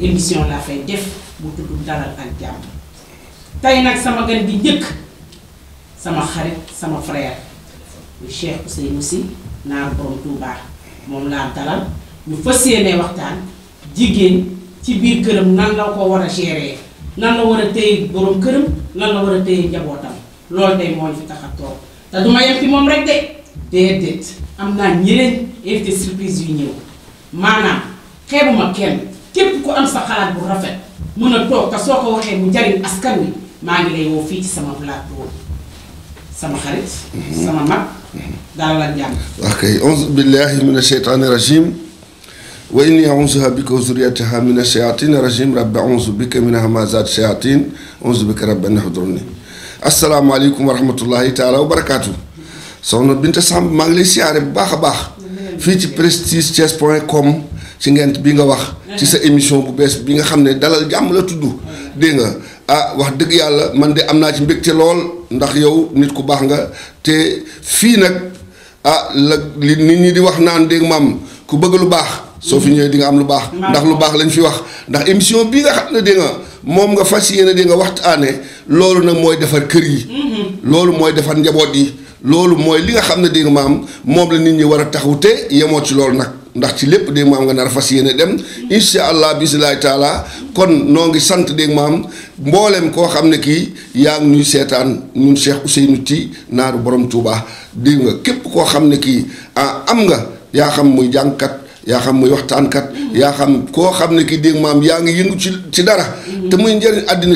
émission laa fay def bu tudd dalal ak jàmm tey nag sama gan bi njëkk sama xarit sama frère muy Cheikh Ousseynou Sy naar borom Touba moom laa dalal ñu fas yéenee waxtaan jigéen ci biir këram nan la ko war a gérer nan la war a téye borom këram nan la war a téye njabootam lool day moo ñu fi tax a toog te du ma yem ci moom rek de déedéet am naa ñeneen invité surprise yu ñëw maanaam xeebuma kenn. كيف كو ام سخالات بو رافيت مونا توك كاسوكو وخي مو جاري اسكان وي ماغي لاي وو في سما بلاد بو سما خريت سما ما دار لا جام اوكي اعوذ بالله من الشيطان الرجيم وإني أعوذ بك وذريتها من الشياطين الرجيم رب أعوذ بك من همزات الشياطين أعوذ بك رب أن يحضرني السلام عليكم ورحمة الله تعالى وبركاته صون بنت سام مانغلي سيار باخ باخ فيتي برستيج تشيس بوين كوم ci ngent bi nga wax ci sa émission bu bes bi nga xamné dalal jàmm la tuddu de nga ah wax deug yalla man de amna ci mbekté lol ndax yow nit ku bax nga te fi nak ah la lini nit ñi di wax naan de mam ku bëgg lu bax so fi ñëw di nga am lu bax ndax lu bax lañ fi wax ndax émission bi nga xamné de nga mom nga lolo de nga waxtaane loolu nak moy defar kër yi loolu moy defar njabot yi loolu moy li nga xamné de nga mam mom la nit ñi wara ci nak ndax ci lépp dégg maam nga nar fas dem insha allah bisimilahi taala kon nong ngi sant dégg maam mboolem ko xam ne kii yaa ngi nuy setan ñun cheikh ousseynou ti naaru borom touba de nga kep ko xamne ki ah, am nga ya xam muy jankat ya xam muy kat ya xam ko xamne ki de maam ya ngi yëngu ci dara te muy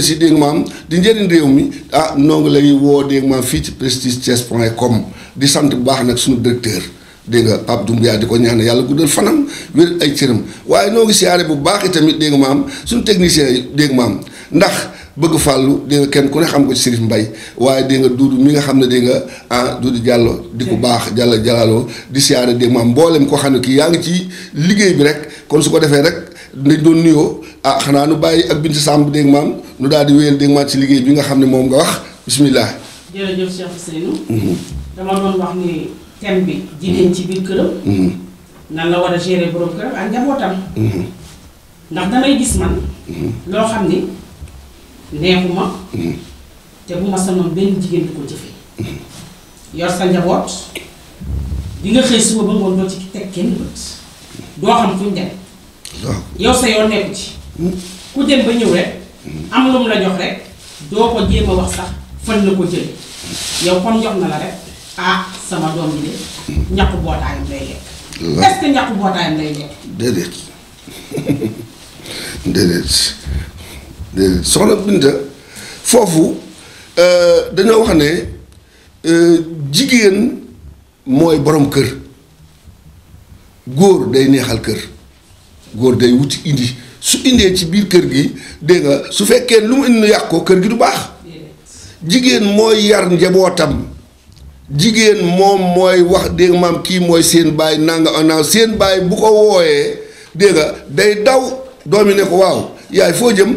si dégg maam di njëriñ rew mi ah nong ngi lay woo dégg maam fi ci prestige chess.com di sant bu baax nak suñu directeur dégg nga Pape Doumbia di ko na yàlla guddal fanam wér ay cëram waaye noo ngi siyaare bu baax tamit dégg nga maam suñu technicien yi dégg nga maam ndax bëgg fàllu dégg nga kenn ku ne xam ko ci Serif Mbay waaye dégg nga Duudu mi nga xam ne dégg nga ah Duudu Jàllo di ko baax Jàllo Jàllaaloo di siyaare dégg maam mboolem koo xam ne kii yaa ngi ci liggéey bi rek kon su ko defee rek dañ doon nuyoo ah xanaa nu bàyyi ak Binti Samb dégg maam nu daal di wéyal dégg maam ci liggéey bi nga xam ne moom nga wax bisimilah. thème bi jigéen ci biir këram. Mm-hmm. nan la war a gérer borom këram ak njabootam. Mm-hmm. ndax damay gis man. Mm-hmm. loo xam ni neexuma. te bu ma sanoon benn jigéen du ko jëfee. yor sa njaboot di nga xëy suba ba ngoon doo ci teg kenn bët doo xam fuñ dem. yow sa yoon nekku ci. ku dem ba ñëw rek. am lu mu la jox rek doo ko jéem wax sax fan la ko jëlee yow kon jox na la rek. ah sama doom foofu euh, dañoo wax ne euh, jigéen mooy boroom kër góor day neexal kër góor day wuti indi su indee ci biir kër gi dégg nga su fekkee lu mu indi yàq ko kër gi du baax. jigéen mooy yar njabootam. Jigen mom moy wax de mam ki moy sen bay nanga ona sen bay bu ko woyé de nga day daw doom yi ne ko waw yaay fo jëm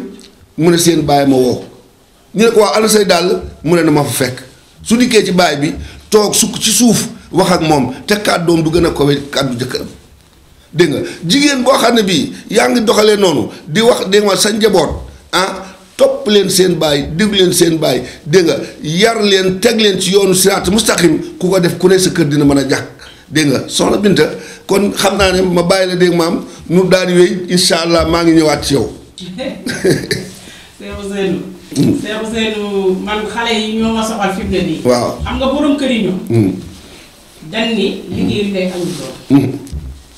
mu ne sen bay ma wo ni ko wa ana say dal mu ne ma fa fek su ci bay bi tok sukk ci souf wax ak mom te kaddom du gëna ko wé kaddu jëkkëram de nga jigen bo xam bi yaangi yaa nonu di wax de nga sa njaboot ah topp leen seen baay déglu leen seen baay dégg nga yar leen teg leen ci yoonu siraat mustaqim ku ko def ku ne sa kër dina mën a jàkk dégg nga soxna kon xam naa ne ma bàyyi la dégg maam nu daal allah maa ngi ñëwaat ci yow. Seydou hmm. hmm.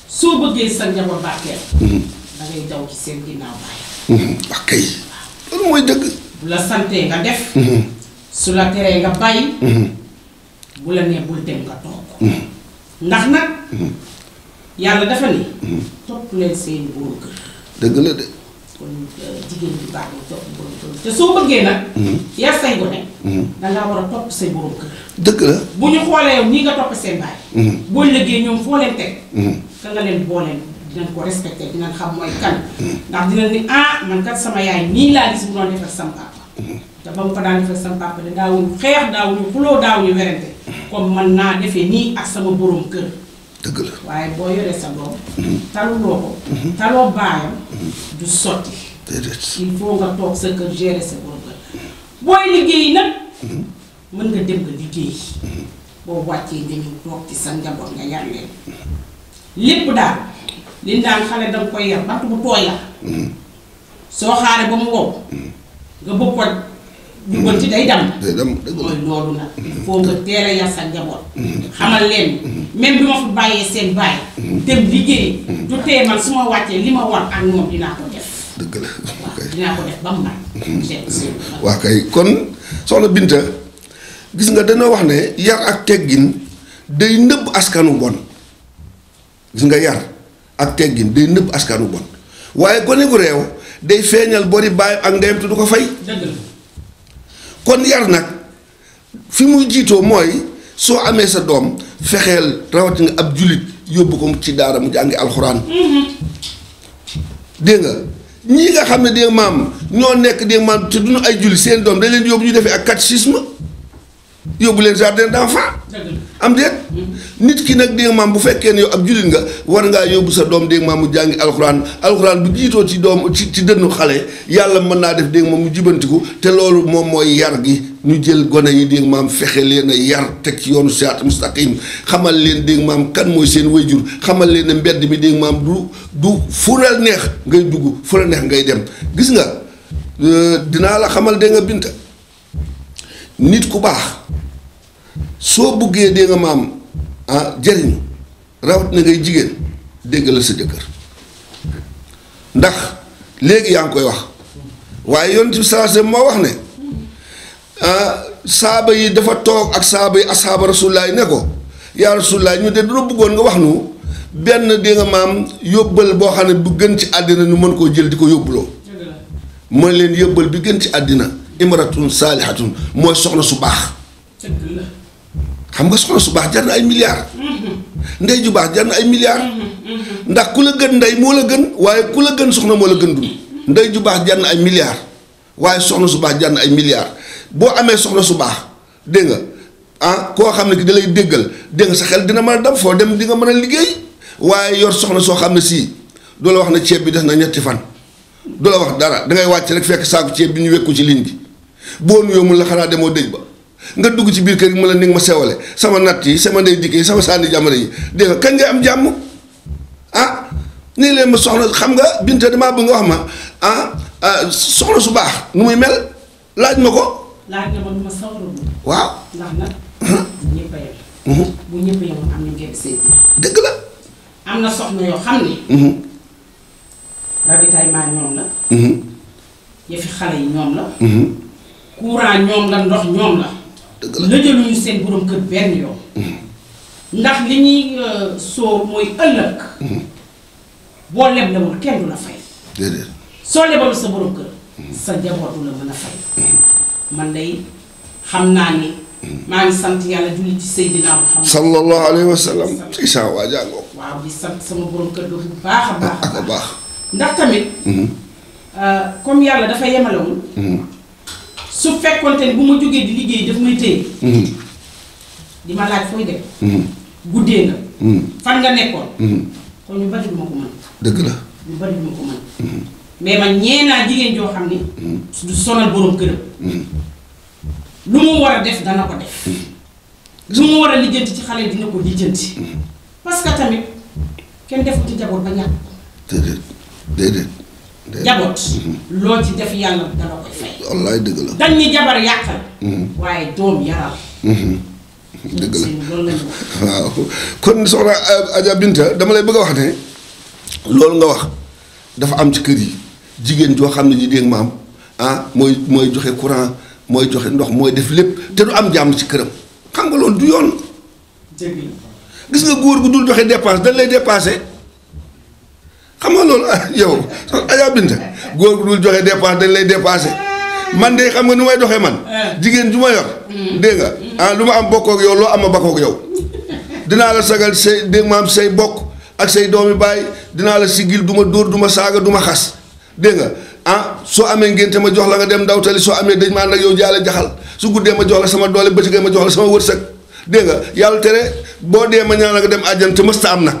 soo bëggee sa njaboot barkeel. Hmm. da daw ci seen ginnaaw baay. ok. loolu mooy dëgg. bu la santee nga def. Mm-hmm. su la teree nga bàyyi. Mm-hmm. bu la nee bul dem nga toog. Mm-hmm. ndax nag. yàlla dafa ni. topp leen seen borom kër. dëgg la de. kon euh, jigéen bi baax na topp borom kër te soo bëggee nag. yar say gone. da ngaa war a topp say borom kër. dëgg la bu ñu xoolee yow nii nga topp seen baay. boo liggéey ñoom foo leen teg. ka nga leen boo leen. dinañ ko respecté dinañ xam mooy kan. ndax dinañ ni ah man kat sama yaay nii laa gis mu doon defal sama te ba mu ko daan defal sama papa de daawuñu xeex daawuñu xuloo daawuñu werante comme man naa defee nii ak sama borom kër. dëgg la waaye boo yoree sa doom. Mhm. taluloo ko. Mhm. taloo baayam. Mhm. du sotti. il faut nga toog sa kër gérer liggéey nag. mën nga dem nga liggéey. boo wàccee nga ñëw toog ci sa njaboot nga yar leen lépp daal. liñ daan xale danga koy yar bant bu toy la mm-hmm. so xaaree ba mu wo mm-hmm. nga bu ko ci day dam day dam deug la lolu mm-hmm. il fo nga teel yar sa jabot xamal len même bima fa baye sen baye dem liggéey du tee suma su lima wàccee war ak mom dina ko def deug la dina ko def ba mu wa kay kon soxna Binta gis nga dana wax ne yar ak teggin day neub askanu bon gis nga yar ak teggin day nëbb askanu bon waaye gone ko réew day feeñal bori baay ak ndeyam te du ko fay kon yar nag fi muy jiitoo mooy soo amee sa doom fexeel rawati nga ab jullit yóbbu ko ci daara mu jàngi alxuraan mm-hmm. dégg ñii nga xam ne dégg maam ñoo nekk dégg maam te duñu ay jullit seen doom dañ leen yóbbu ñu defee ak catéchisme bu len jardin d'enfant am déet hmm. nit ki nak dégg mam bu fekke ne ab julit nga war ngaa yóbbu sa dom dégg mam jangi alquran alquran bu jito ci dom ci deñu xalé yalla meuna def dégg mam jubantiku jibantiku te lolu mom moy yar gi ñu jël gone yi dégg mam fexé leena yar teg ci yoonu mustaqim xamal leen dégg mam kan moy seen wayjur xamal leen mbedd mi dégg mam du du fural neex ngay duggu fural neex ngay dem gis nga euh, Dina la xamal de nga binta nit ku bax soo buggee dégg nga maam ah rawat na ngay jigéen déggal sa jëkkër ndax léegi yaa ngi koy wax waaye yoon bi sallallahu moo wax ne ah, saaba yi dafa toog ak saaba yi asxaaba rasulullaay ne ko yaa rasulullaay ñu de dina bëggoon nga wax nu benn dégg nga yóbbal boo xam ne bu gën ci àddina ñu mën koo jël di ko yóbbuloo mën leen yóbbal bi gën ci àddina imratun saalihatun mooy soxna su baax xam nga soxna su baax jar ay milliards. Mm-hmm. ndey ju baax jar ay milliards. Mm-hmm. ndax ku la gën ndey moo la gën waaye ku la gën soxna moo la gën dund. Mm-hmm. ndey ju baax jar ay milliards waaye soxna su baax jar na ay milliards boo amee soxna su baax dégg nga ah koo xam ne ki da lay déggal dégg sa xel dina mën a dem foo dem di nga mën a liggéey waaye yor soxna soo xam ne sii doo la wax na ceeb bi def na ñetti fan. du la wax dara dangay wàcc rek fekk saaku ceeb bi ñu wekku ci ligne bi boo nuyoo mun la xanaa demoo dëj ba. nga dugg ci biir kër gi mu la ni ma sewale sama natt yi sama ndey dikk yi sama sànni jàmbare yi dégg nga kañ ngay am jàmm ah nii leen ma soxla xam nga binte damaa bëgg nga wax ma ah, ah soxla su baax nu muy mel laaj ma ko. na ma nu a yem. dëgg la. am na soxna yoo xam ne. ravitaillement ñoom la. yëfi xale yi ñoom la. courant ñoom la ndox ñoom la. lëjaluñu seen borom kër benn yoon ndax li ñuy sóor mooy ëllëg boo leblewul kenn du la fay soo lebal sa borom kër sa njaboot du la mën a fay man day xam naa ni maa ngi sant yàlla julli ci Seydina Muhammad sallallahu alayhi wa sallam ci saa waajaangoo waaw di sant sama borom kër bu baax a baax ak baax ndax tamit comme yàlla dafa yemalewul su fekkonte ni bu ma jógee di liggéey daf may téye. Mhm. di ma laaj fooy dem. Mhm. guddee nga. Mhm. fan nga nekkoon. kon ñu bari du ko mën. dëgg la ñu bari du ko man ñee naa jigéen joo xam ni. du sonal borom këram. lu mu war a def dana ko def. lu mu war a lijjanti ci xale dina ko lijjanti. parce que tamit kenn defuti jaboot ba ñàkk. déedéet déedéet. jaboot mm-hmm. loo ci def yàlla dana koy fay. wallaay dëgg la dañ ni jabar yàqal. Mm-hmm. Mm-hmm. dëgg la waaw kon soxna euh, Adja Binta dama lay bëgg a wax ne loolu nga wax dafa am ci kër yi jigéen joo xam ne ji dégg maam ah mooy mooy joxe courant mooy joxe ndox mooy def lépp te du am jàmm ci këram xam nga loolu du yoon. gis nga góor gu dul joxe dépense dañ lay dépassé. xam nga loolu ah, yow Adja góor gu dul joxe dépense dañ lay dépassé man de xam nga nu may doxee man eh. jigéen ju ma yor hmm. dégg nga hmm. ah lu ma am bokkook yow loo am ma bakkook yow dinaa la sagal say dégg ma say bokk ak say doomi baay dinaa la sigil du ma dóor du ma saaga du ma xas dégg nga ah soo amee ngénte ma jox la nga dem ndawtali soo amee dañ ma ànd ak yow jaale jaxal su guddee ma jox la sama doole bëccëgee ma jox la sama wërsëg dégg nga yàlla tere boo dee ma ñaan nga dem àjjan te mësta am nag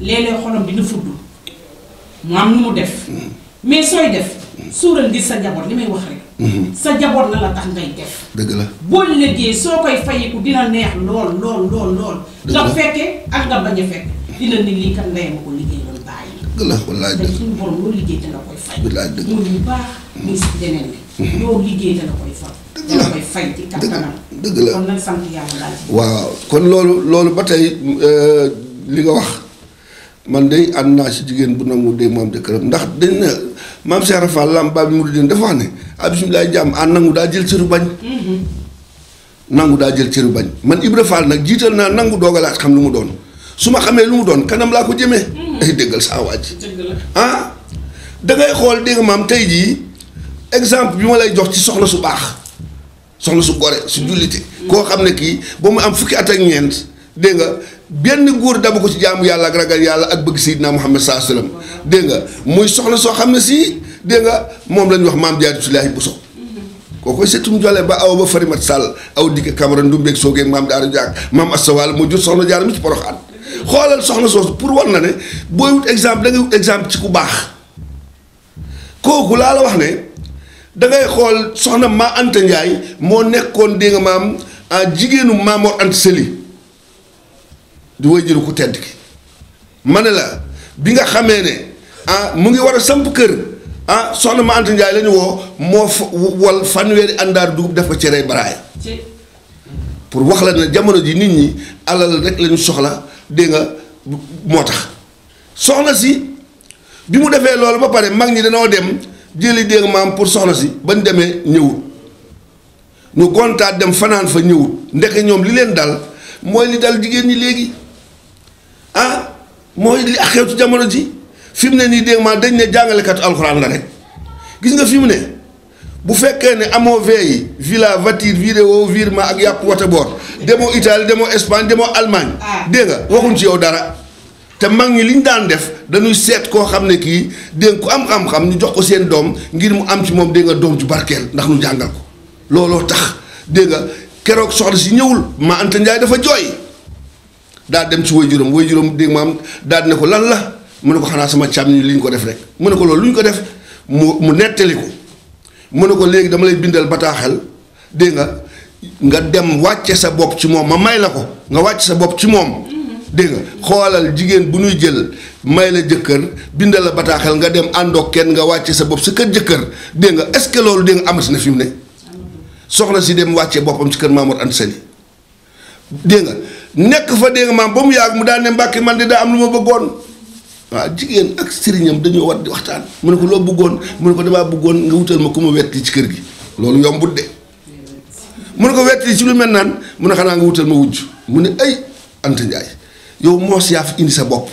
léeg-léeg xolam dina fudd mu am nu mu def mais sooy def suural di sa jaboot li may wax rek. sa jaboot la la tax ngay def. dëgg la boo liggéey soo koy fayeku dina neex lool lool lool lool. nga fekke ak nga bañ a fekk dina ni lii kat ndey ma ko liggéey doon bàyyi. dëgg la dëgg suñu borom loo liggéey la koy fay. wallaay dëgg muy bu baax muy si mm-hmm. la dëgg la koy fay dëgg la kon sant yàlla daal. kon loolu loolu ba tey euh, li nga wax. man de ànd naa si jigéen bu nangu de moom jëkkëram ndax dañ na maam Cheikh Fall lam baabi muridin dafa wax ne ah bisimilah jàmm ah nangu daa jël cëru bañ. Mm-hmm. nangu daa jël cëru bañ man Ibra Fall nag jiital naa nangu doogalaat xam lu mu doon su ma xamee lu mu doon kanam laa ko jëmee. Mm-hmm. ay déggal saa waaj. ah da ngay xool dégg maam tey jii exemple bi ma lay jox ci soxla su baax soxla su gore su jullite. Mm-hmm. koo xam ne kii ba mu am fukki at ak ñeent dégg nga. benn nguur dabu ko ci jaamu yàlla ak ragal yàlla ak bëgg Seydina Muhammad saa sallam dégg nga muy soxla soo xam ne si dégg nga moom la ñu wax maam Jaara Sulaahi Buso kooku setum jolle ba aw ba farimat sàll aw dikk Camara Ndumbeeg soogeeg maam Daara Jaak maam Assawaal mu jur soxna jaar mi ci poroxaan xoolal soosu pour war na ne booy wut exemple da ngay wut exemple ku baax kooku laa la wax ne da xool soxna maa Anta Ndiaye moo nekkoon dégg nga maam ah, jigéenu Maamor Anta Sëli du wajuru ku tedd ki ma ne la bi nga xamee ne ah mu ngi war a samp kër ah soxna ma Anta Ndiaye la ñu woo moo wal fanweeri àndaar dugub def cere baraay pour wax la ne jamono ji nit ñi alal rek la soxla dégg nga moo tax soxna si bi mu defee loolu ba pare mag ñi danoo dem jëli dégg maam pour soxna si bañ demee ñëwut ñu gontaat dem fanaan fa ñëwut ndeke ñoom li leen dal mooy li dal jigéen ñi léegi ah moy li xew ci jamono ji fimne ni ne ma dañ ne jàngalekatu alxuraan la rek gis nga fimne bu fekke ne amo veille villa voiture vidéo virma ak yap wata bor demo italy demo Espagne demo Allemagne ah. de nga waxun ci yow dara te mag ñi liñ daan def dañuy set ko xamne ki, de ko am xam-xam ñu jox ko seen dom ngir mu am ci mom de nga dom ci barkel ndax nu jangal ko lolo tax de nga kérok soxla ci ñewul ma Anta dafa joy daal dem ci waajuram waajuram dégg maam daal ne ko lan la mu ne ko xanaa sama càmm ñu li ko def mu ne ko loolu lu ñu ko def mu mu nettali ko mu ne ko léegi dama lay bindal bataaxel dégg nga nga dem wàcce sa bopp ci moom ma may la ko nga wàcce sa bopp ci moom dégg xoolal jigéen bu ñuy jël may la jëkkër bindal bataaxel nga dem àndook kenn nga wàcce sa bopp sa kër jëkkër dégg nga est-ce loolu dégg nga amati na fi mu ne soxna si dem wàcce boppam ci kër Mamour Anta Sali dégg nga nekk fa dégg nga maam ba mu yàgg mu daal ne mbàkki man de daa am lu ma bëggoon waaw jigéen ak sëriñam dañoo war di waxtaan mu ne ko loo bëggoon mu ne ko damaa bëggoon nga wutal ma ku ma wet ci kër gi loolu yombut de mu ko wet li ci lu xanaa nga wutal ma wujj mu ne ay Anta Ndiaye yow moos yaa indi sa bopp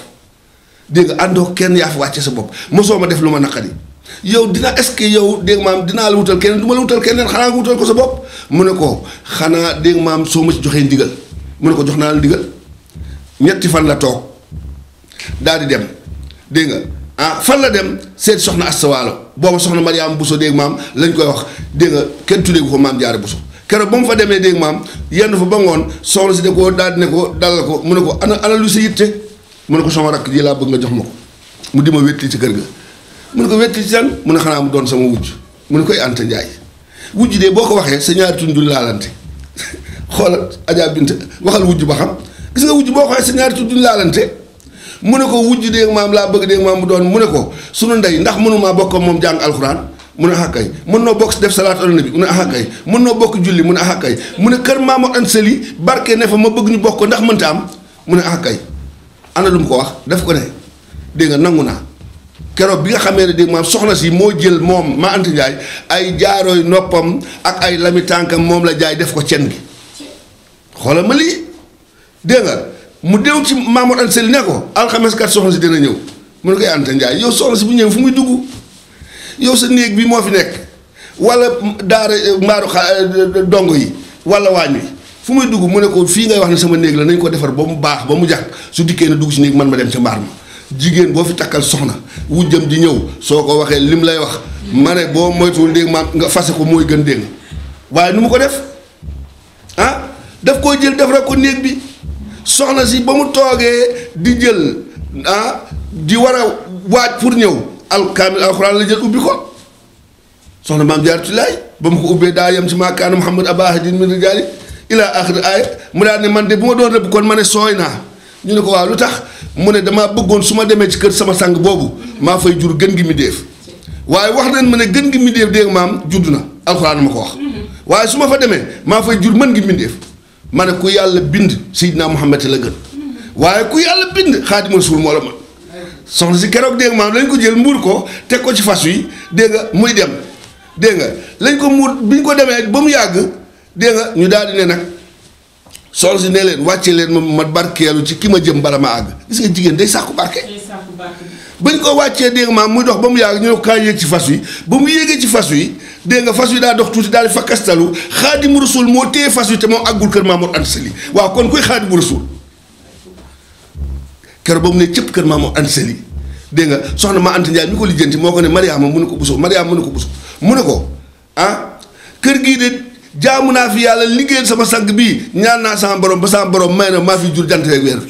dégg nga àndoo kenn yaa wàcce sa bopp mosoo ma def lu ma naqari yow dina est-ce yow dégg maam dinaa la wutal keneen du ma la wutal keneen xanaa nga wutal ko sa bopp mu ne ko xanaa dégg maam soo ma ci joxee ndigal. mu ne ko jox naa la ndigal ñetti fan la toog daal di dem dégg nga ah fan la dem seet soxna Asta Waalo booba soxna Mariama Bousso dégg maam lañ koy wax dégg nga kenn tuddee ko maam Jaara Bousso keroog ba mu fa demee dégg maam yenn fa ba ngoon soxna si de koo daal di ne ko dalal ko mu ne ko ana ana lu sa yitte mu ne ko sama rakk ji laa bëgg nga jox ma ko mu di ma wétli ci kër ga mu ne ko wétli ci lan mu ne xanaa mu doon sama wujj mu ne koy Anta Njaay wujj de boo ko waxee sa ñaari xoolal Adja Bint waxal wujj ba xam gis nga wujj boo xoolee si ñaari tudd duñ laalante mu ne ko wujj dégg maam laa bëgg dégg maam mu doon mu ne ko sunu ndey ndax mënumaa bokk moom jàng alxuraan mu ne ah kay mën noo bokk def salaatu ala nabi mu ne ah kay mën noo bokk julli mu ne ah kay ne kër Maam Mor Anta barke ne fa ma bëgg ñu bokk ko ndax mënta am mu ne ah kay ana lu ko wax def ko ne dégg nga nangu naa keroog bi nga xamee ne dégg maam soxna si moo jël moom maa Anta Ndiaye ay jaarooy noppam ak ay lami moom la jaay def ko cen gi. xoolal ma lii dégg mu déw ci Mamour Anta Sali ne ko alxames kat soxna si dina ñëw mu ne koy Anta Ndiaye yow soxna si bu ñëw fu muy dugg yow sa néeg bi moo fi nekk wala daara eh, mbaaru eh, dongo yi wala waañ wi fu muy dugg mu ne ko fii ngay wax ne sama néeg la nañ ko defar ba mu baax ba mu jàkk su dikkee na dugg si néeg man ma dem ca mbaar ma jigéen boo fi takkal soxna wujjam di ñëw soo ko waxee lim lay wax ma ne boo moytuwul dégg ma nga fase ko mooy gën waaye nu mu ko def daf koo jël def rek ko néeg bi soxna si ba mu toogee di jël ah di war a waaj pour ñëw alkaamil alxuraan la jël ubbi ko soxna maam jaar ci laay ba mu ko ubbee daa yem si maakaana muhammad abaa ahadin min rijaali ilaa axiri aaya mu daal ne man de bu ma doon rëbb kon ma ne sooy naa ñu ne ko waaw lu tax mu ne damaa bëggoon su ma demee ci kër sama sang boobu maa fay jur gën gi mi waaye wax nañ ma ne gën gi mi déef dégg maam judd na alxuraan ma ko wax mm-hmm. waaye su ma fa demee maa fay jur mën gi mi ma ne ku yàlla bind Seydina Muhammad la gën waaye ku yàlla bind Xaadimu Rasuul moo la man soxna si keroog dégg lañ ko jël mbuur ko teg ko ci fas yi dégg muy dem dégg nga lañ ko muur bi ñu ko demee ba mu yàgg dégg ñu daal di ne nag soxna si ne leen wàcce leen ma ma barkeelu ci ki ma jëm bala ma àgg gis nga jigéen day sàkku barke. bañ ko wàccee dégg nga maam muy dox ba mu yàgg ñu ne ko kaay yéeg ci fas yi ba mu yéegee ci fas yi. dégg nga fas wi daa dox tuuti daal di fa kastalu xaadimu moo téye fas wi te moo àggul kër Maamor Anta Sali waaw kon koy xaadimu rasul keroog ba mu ne cëpp kër Maamor Anta Sali dégg nga soxna ma Anta Ndiaye mi ko lijjanti moo ko ne Mariama mu ne ko Bousso Mariama mu ne ko Bousso mu ne ko kër gii de jaamu naa fi yàlla liggéeyal sama sang bii ñaan sama borom ba sama borom may na maa fi jur jant ak weer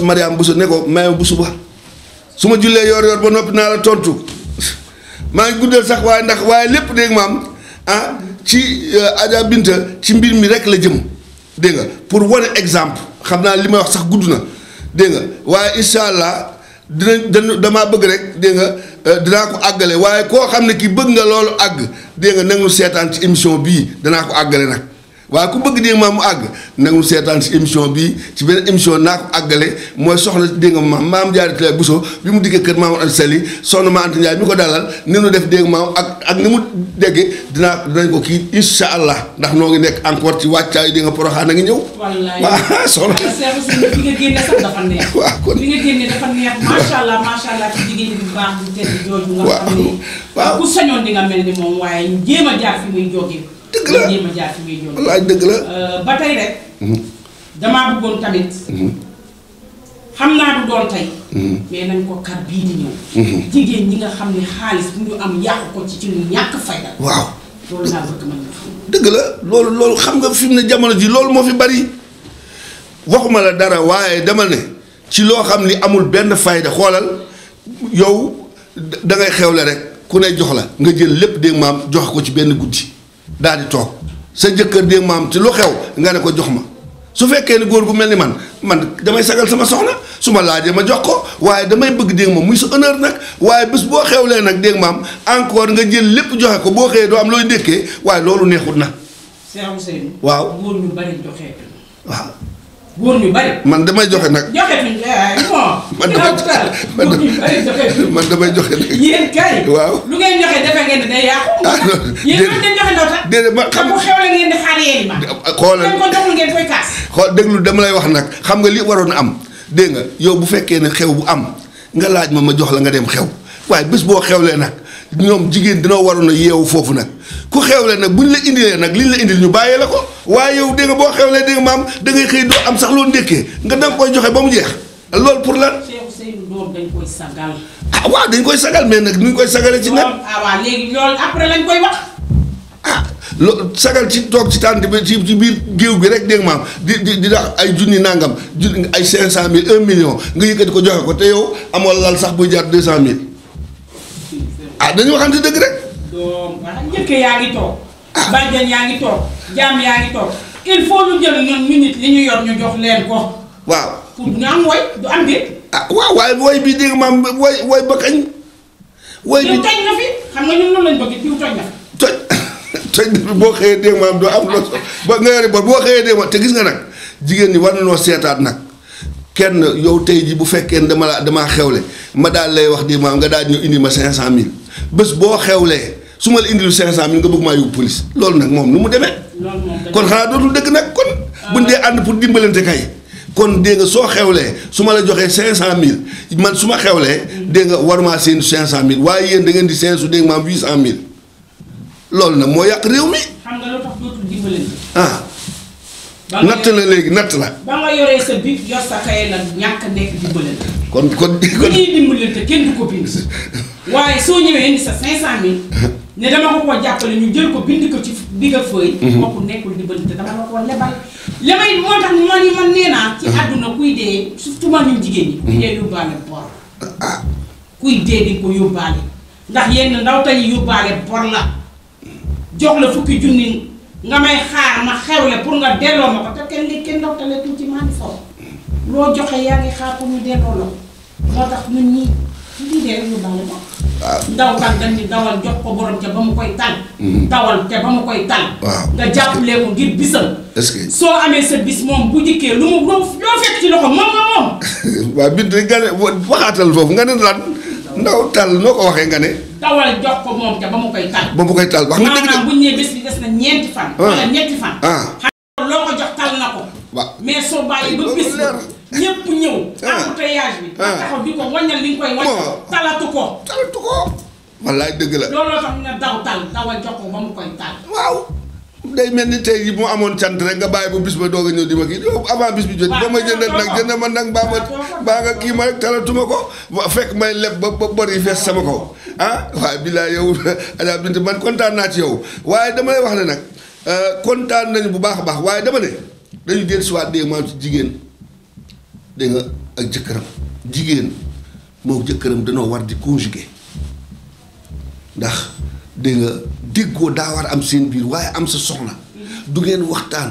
bi ma bu suba su ma jullee yoor yor ba noppi naa la tontu maa ngi guddal sax waaye ndax waaye lépp dégg maam ah ci euh, Adja Binta ci mbir mi rek la jëm dégg nga pour wane exemple xam naa li may wax sax gudd na dégg nga waaye incha allah dina damaa bëgg rek dégg nga euh, dinaa ko àggale waaye koo xam ne kii bëgg nga loolu àgg dégg nga nangu seetaan ci émission bii danaa ko àggale nag. waaye ku bëgg dégg nga maam àgg nangu seetaan si émission bi ci beneen émission naa ko àggale mooy soxla dégg nga maam maam Diarra Talle Bousso bi mu dikkee kër maam Sali soxna ma Anta Ndiaye mi ko dalal ni def dégg nga ak ak ni mu déggee dinaa dinañ ko kii incha ndax noo ngi nekk encore ci wàccaay di nga poroxaan a ngi ñëw. wallaay waaw ku sañoon di mel ni moom waaye ñu a jaar fi muy jógee dëgg la jéem a wallaay dëgg la euh, ba tey rek mhm. damaa bëggoon tamit mhm. xam naa du doon tey mhm. mais nañ ko kar bii di ñëw jigéen ñi nga xam ne xaalis bu ñu am yàqu ko ci lu ñàkk fayda waaw dëgg la loolu loolu xam nga fi mu ne jamono ji loolu moo fi bari waxuma la dara waaye demal ne ci loo xam ni amul benn fayda xoolal yow dangay ngay xewle rek ku ne jox la nga jël lépp dégg maam jox ko ci benn guddi daal di toog sa jëkkër dee maam ci lu xew nga ne ko jox ma su fekkee ne góor gu mel ni man man damay sagal sama soxna su ma laajee ma jox ko waaye damay bëgg dégg moom muy su honneur nag waaye bés boo xewlee nag dégg maam encore nga jël lépp joxe ko boo xëyee doo am looy dékkee waaye loolu neexut na. waaw. góor ñu bari joxe. waaw. góor man damay joxe nag. man damay joxe man damay joxe nag. yéen kay. waaw lu ah, ko joxul dama lay wax nag xam nga li waroon am dégg nga yow bu fekkee ne xew bu am nga laaj ma ma jox la nga dem xew waaye bés boo xewlee nag ñoom jigéen dinoo waroon a yeewu foofu nag ku xewle nag buñ la indilee nag liñ la indil ñu bàyyee la ko waye yow deug bo xewle deug mam da ngay xey do am sax lo ndékkee nga dang koy joxe ba jeex lol pour lan. Cheikh Seydou Ndour dañ koy sagal. ah wa dañ koy sagal mais nak nuñ koy sagalee ci nag. ah wa léegi lol après lañ koy wax. Ah, lo sagal ci tok ci tan bi ci bir geew gi rek deg mam di di di dax ay jooni nangam ay 500000 1 million nga yëkëti ko joxe ko te yow amoo lal sax bu jaar 200000 ah dañu waxanti deug rek. do njëkk yaa ngi toog. bàjjen yaa ngi toog jaam yaa ngi toog il faut ñu jël ñun ñu nit ñu yor ñu jox leen ko. waaw pour ñu am woy du am déet. ah waaw waaye woy bi dégg maam woy woy ba kañ. woy bi toj na xam nga lañ bëgg jiw toj toj toj boo xëyee dégg maam am. loolu ba nga te gis nga nag jigéen ñi war na nañoo seetaat nag. kenn yow tey ji bu fekkee dama la damaa xewle ma daal lay wax di maam nga daal ñu indi ma 500000 bés boo xewlee. su ma la indilu 500000 nga bëgg maa yóbbu police loolu nag moom nu mu demee. kon xanaa dootul dëgg nag kon. Ah. buñ dee ànd pour dimbalante kay. kon dégg nga soo xewlee su ma la joxee 500000 man su ma xewlee. Hmm. dégg nga war maa seen 500000 waaye yéen da ngeen di seen su dégg nga maam 800000 loolu nag moo yàq réew mi. xam ah. natt la léegi natt la. a nekk dimbalante. kon kon kon. ñuy dimbalante kenn du ko bind. waaye soo ñëwee indi sa 500000. ne dama ko koo jàppale ñu jël ko bind ko ci digga fëy mhm. kooku nekkul di bëri te dama la koo lebal li may moo tax man yi man nee ci mhm. àdduna kuy dee surtout man ñun jigéen ñi kuy mhm. dee yóbbaale bor ah. kuy dee di ko yóbbaale ndax yenn ndaw tayi yóbbaale bor la jox la fukki junni nga may xaar ma xewle pour nga delloo ma ko te kenn li kenn ndaw tale tuuti maa ngi foofu loo joxe yaa ngi xaar pour ñu delloo la moo tax ñun ñii waaw ndaw kan dañ ni dawal jox ko borom te ba mu koy tànn. Hmm. soo amee sa bis bi nga ne waxaatal foofu nga ne lan ndaw tàll nga ne. dawal jox ko moom ca ba mu koy tànn. ba mu koy tànn wax nga dëgg maanaam bu ñu nee bi des na ñeenti fan. Ah. wala ñetti fan. Ah. xam loo ko jox tànn na ko. waaw mais soo bàyyi ba bis. ñëpp ñëw. Ah. embouteillage bi. Ah. taxaw di ko wàññal li nga koy wàññal. talatu ko talatu ko. wallaay dëgg la looloo tax nga daw tal dawal jox ko ba mu koy tal. waaw. day mel ni tey bu amoon cant rek nga bàyyi bu bis ba doog a ñëw di ma kii avant bis bi jot ba ma jëndal nag jënd ma nag baa ma baa nga kii ma talatuma ko fekk may leb ba ba bor yi sama kaw ah waaye bilaa yow Adja Bintou man kontaan naa ci yow waaye dama lay wax ne nag euh, kontaan nañu bu baax a baax waaye dama ne dañu dellusiwaat dee maa ci jigéen dégg nga ak jëkkëram jigéen moo jëkkëram danoo war di conjuguer ndax dégg nga déggoo daa war am seen biir waaye am sa soxna du ngeen waxtaan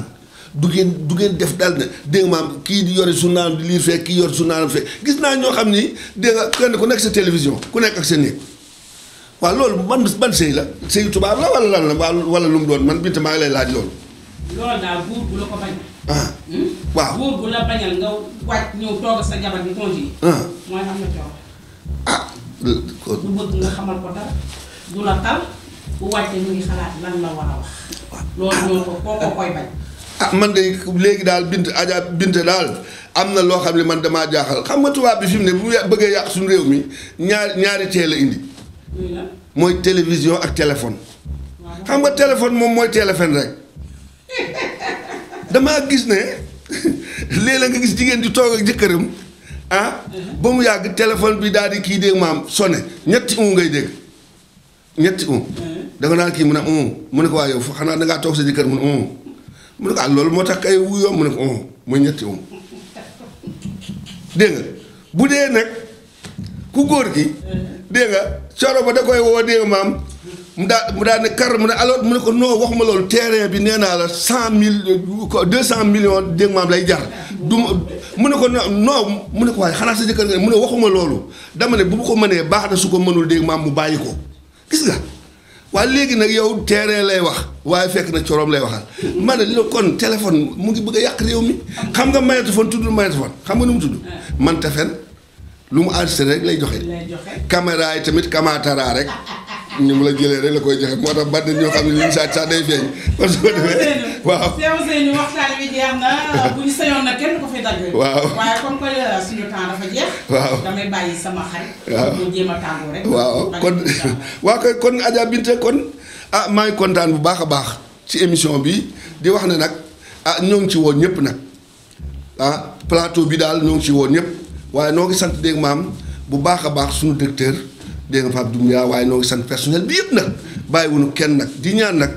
du ngeen du ngeen def dal ne dégg nga maam kii di yore journal di lii fekk kii su journal fekk gis naa ñoo xam ni dégg nga kenn ku nekk sa télévision ku nekk ak sa néeg waaw loolu man ban sëy la sëy tubaab la wala lan la wala lu mu doon man bint maa ngi lay laaj loolu. Ah. waaw góor bu la bañal nga wàcc ñëw toog sa jabar bi congé yi. Ah. mooy am na coow. Ah. ah. man de léegi daal bint aja bint daal na loo xam ne man damaa jaaxal xam nga tubaab bi fi mu yàq suñu réew mi ñaar ñaari teel la mooy télévision ak téléphone. xam nga téléphone moom mooy téléphone rek. damaa gis ne léeg-léeg nga gis jigéen di toog ak jëkkëram ah ba mu yàgg téléphone bi daal di kii dégg maam sonné ñetti un ngay dégg ñetti un mm-hmm. da naan kii mu ne un mu ne ko waa yow foo xanaa da toog sa jëkkër mu ne un mu ne ko ah loolu moo tax kay wuyoo mu ne ko un muy ñetti un dégg bu dee nag ku góor gi mm-hmm. dégg nga coro ba koy woo dégg maam mu daa mu daa ne kar mu ne alors mu ne ko non waxuma loolu terrain bi nee naa la cent mille deux cent millions dégg maam lay jar du mu ne ko non mu ne ko waaye xanaa sa jëkkër nga mu ne waxuma loolu dama bu mu ko mënee baax na su ko mënul dégg maam mu bàyyi ko gis nga waaye léegi nag yow terrain lay wax waaye fekk na coroom lay waxal ma ne la kon téléphone mu ngi bëgg a yàq réew mi xam nga magnétophone tuddul magnétophone xam nga nu mu tudd man fen lu mu enregistré rek lay joxe caméra yi tamit kamaataraa rek ni mu la jëlee rek la koy joxe moo tax bari na ñoo xam ne ñu sax saa day feeñ. kon su ko defee waaw euh, waaw waaw a kon waaw kay kon Adja Binte kon ah maa ngi kontaan bu baax a baax ci émission bi di wax ne nag ah ñoo ngi ci woon ñëpp nag ah plateau bi daal ñoo ngi ci woon ñëpp waaye noo ngi sant dégg maam bu baax a baax suñu directeur. dégg nga Pape Doumbia waaye noo ngi sant personnel bi yëpp nag bàyyiwuñu kenn nag di ñaan nag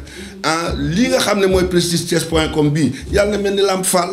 ah lii nga xam ne mooy prestigethies point com bii yàlla na mel ni làmp faal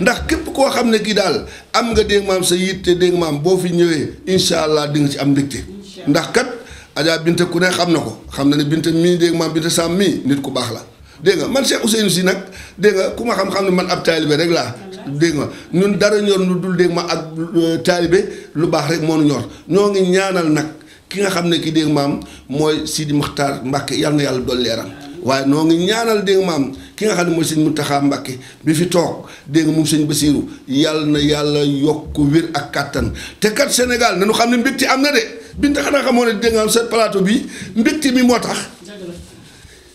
ndax képp koo xam ne kii daal am nga dégg maam sa te dégg maam boo fi ñëwee incha allah di nga ci am mbégte ndax kat Adja Binta ku ne xam na ko xam na ne Binta mi dégg maam Binta Sam mii nit ku baax la dégg nga man Cheikh Ousseynou Sy nag dégg nga ku ma xam-xam ne man ab taalibe rek laa dégg ma ñun dara ñor lu dul dégg ma ak euh, taalibe lu baax rek moo ñor ñoo ngi ñaanal nag. ki nga xam ne ki dégg maam mooy Sidi Muxtaar Mbàkke yal na yàlla dool leeram waaye noo ngi ñaanal dégg maam ki nga xam ne mooy sëñ Muntaxa Mbàkke bi fi toog dégg moom sëñ Basiiru yal na yàlla yokk wér ak kàttan te kat Sénégal nanu xam ne mbégte am na de binta xanaa xamoo ne dégg maam seen plateau bi mbégte mi moo tax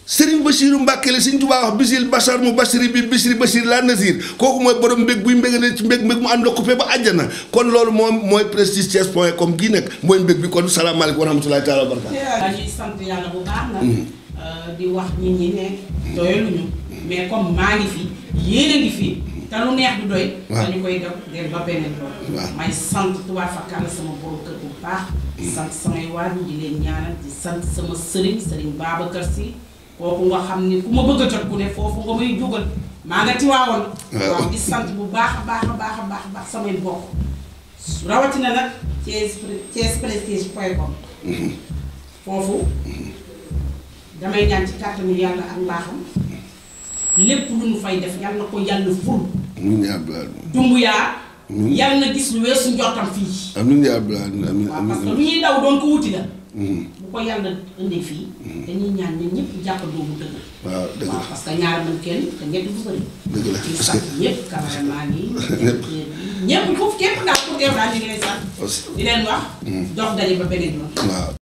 sëriñ Bachirou Mbacke la sëriñ Tuubaa wax bisil bachar mu bachiri bi bachiri bachir la nasir kooku mooy borom mbég buy mbégalee ci mbég mbég mu ànd coupé ba àjjana kon loolu moom mooy prestige thies point com nag mooy mbég bi kon salaamaaleykum wa rahmatulahi taala wa barakaatu. dañuy sant yàlla bu baax nag. Mm-hmm. Uh, wax nit ñi ne doyaluñu mais comme maa ngi a ngi fi te lu neex du doy. waaw dañu koy def del ba beneen sama borom kër bu baax. sant samay waajur di leen ñaanal di sant sama sëriñ sëriñ Babacar Si kooku nga xam ni ku ma bëgg a jot ku ne foofu nga may jógal maa nga tiwaawoon ah. waaw di sant bu baax a baax a baax a baax baax samay bokk rawatina nag Thiès Thiès prestige point com mhm. foofu damay ñaan ci kàttanu yàlla ak mbaaxam lépp lu mu fay def yàlla na ko yàlla ful dumb yaa yàlla na gis lu weesu njortam fii amiin yaa parce que lu ñuy daw doon ko wuti la mhm. ko yàlla indee fii. Mhm. dañuy ñaan ñun ñëpp jàpp doomu dëgg. waaw dëgg la parce ñaar mën kenn te ñett bu bëri. dëgg la parce que ñëpp yi. ñëpp ñëpp képp daal pour teew daal ñu ngi lay sant. di leen wax. Mhm. jox daje ba beneen yoon. waaw.